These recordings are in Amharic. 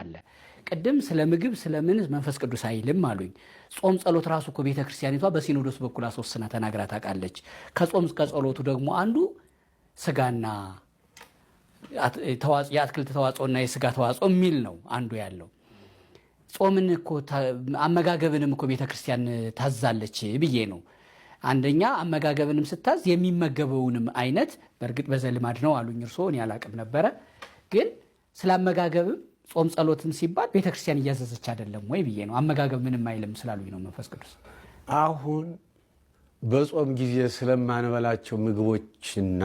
አለ ቅድም ስለ ምግብ ስለምን መንፈስ ቅዱስ አይልም አሉኝ። ጾም ጸሎት ራሱ እኮ ቤተ ክርስቲያኒቷ በሲኖዶስ በኩል አስወስና ተናግራ ታውቃለች። ከጾም ከጸሎቱ ደግሞ አንዱ ስጋና የአትክልት ተዋጽኦና የስጋ ተዋጽኦ የሚል ነው አንዱ ያለው። ጾምን እኮ አመጋገብንም እኮ ቤተ ክርስቲያን ታዛለች ብዬ ነው። አንደኛ አመጋገብንም ስታዝ የሚመገበውንም አይነት በእርግጥ በዘልማድ ነው አሉኝ እርስዎ፣ እኔ አላቅም ነበረ ግን ስለ አመጋገብም ጾም ጸሎትም ሲባል ቤተክርስቲያን እያዘዘች አይደለም ወይ ብዬ ነው። አመጋገብ ምንም አይልም ስላሉኝ ነው መንፈስ ቅዱስ። አሁን በጾም ጊዜ ስለማንበላቸው ምግቦችና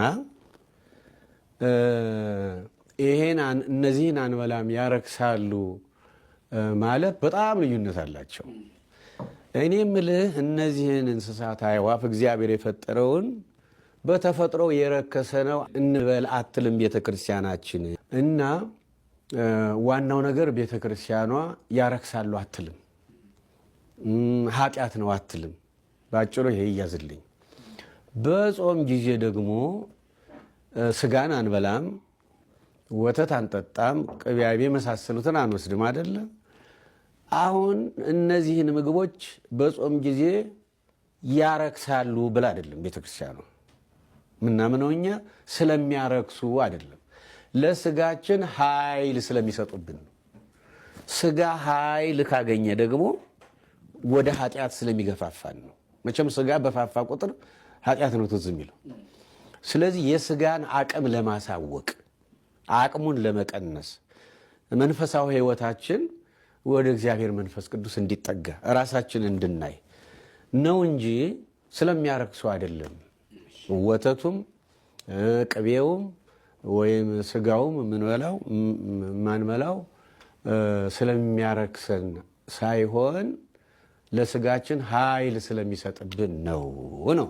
ይሄን እነዚህን አንበላም ያረክሳሉ ማለት በጣም ልዩነት አላቸው። እኔ ምልህ እነዚህን እንስሳት አይዋፍ እግዚአብሔር የፈጠረውን በተፈጥሮ የረከሰ ነው እንበል አትልም ቤተክርስቲያናችን እና ዋናው ነገር ቤተ ክርስቲያኗ ያረክሳሉ አትልም፣ ኃጢአት ነው አትልም። በአጭሩ ይሄ ይያዝልኝ። በጾም ጊዜ ደግሞ ስጋን አንበላም፣ ወተት አንጠጣም፣ ቅቢያቤ የመሳሰሉትን አንወስድም አይደለም። አሁን እነዚህን ምግቦች በጾም ጊዜ ያረክሳሉ ብላ አይደለም ቤተክርስቲያኗ ምናምነው እኛ ስለሚያረክሱ አይደለም ለስጋችን ኃይል ስለሚሰጡብን ነው። ስጋ ኃይል ካገኘ ደግሞ ወደ ኃጢአት ስለሚገፋፋን ነው። መቼም ስጋ በፋፋ ቁጥር ኃጢአት ነው ትዝ የሚለው። ስለዚህ የስጋን አቅም ለማሳወቅ አቅሙን ለመቀነስ መንፈሳዊ ሕይወታችን ወደ እግዚአብሔር መንፈስ ቅዱስ እንዲጠጋ ራሳችን እንድናይ ነው እንጂ ስለሚያረክሱ አይደለም። ወተቱም ቅቤውም ወይም ስጋውም ምንበላው ማንበላው ስለሚያረክሰን ሳይሆን ለስጋችን ኃይል ስለሚሰጥብን ነው ነው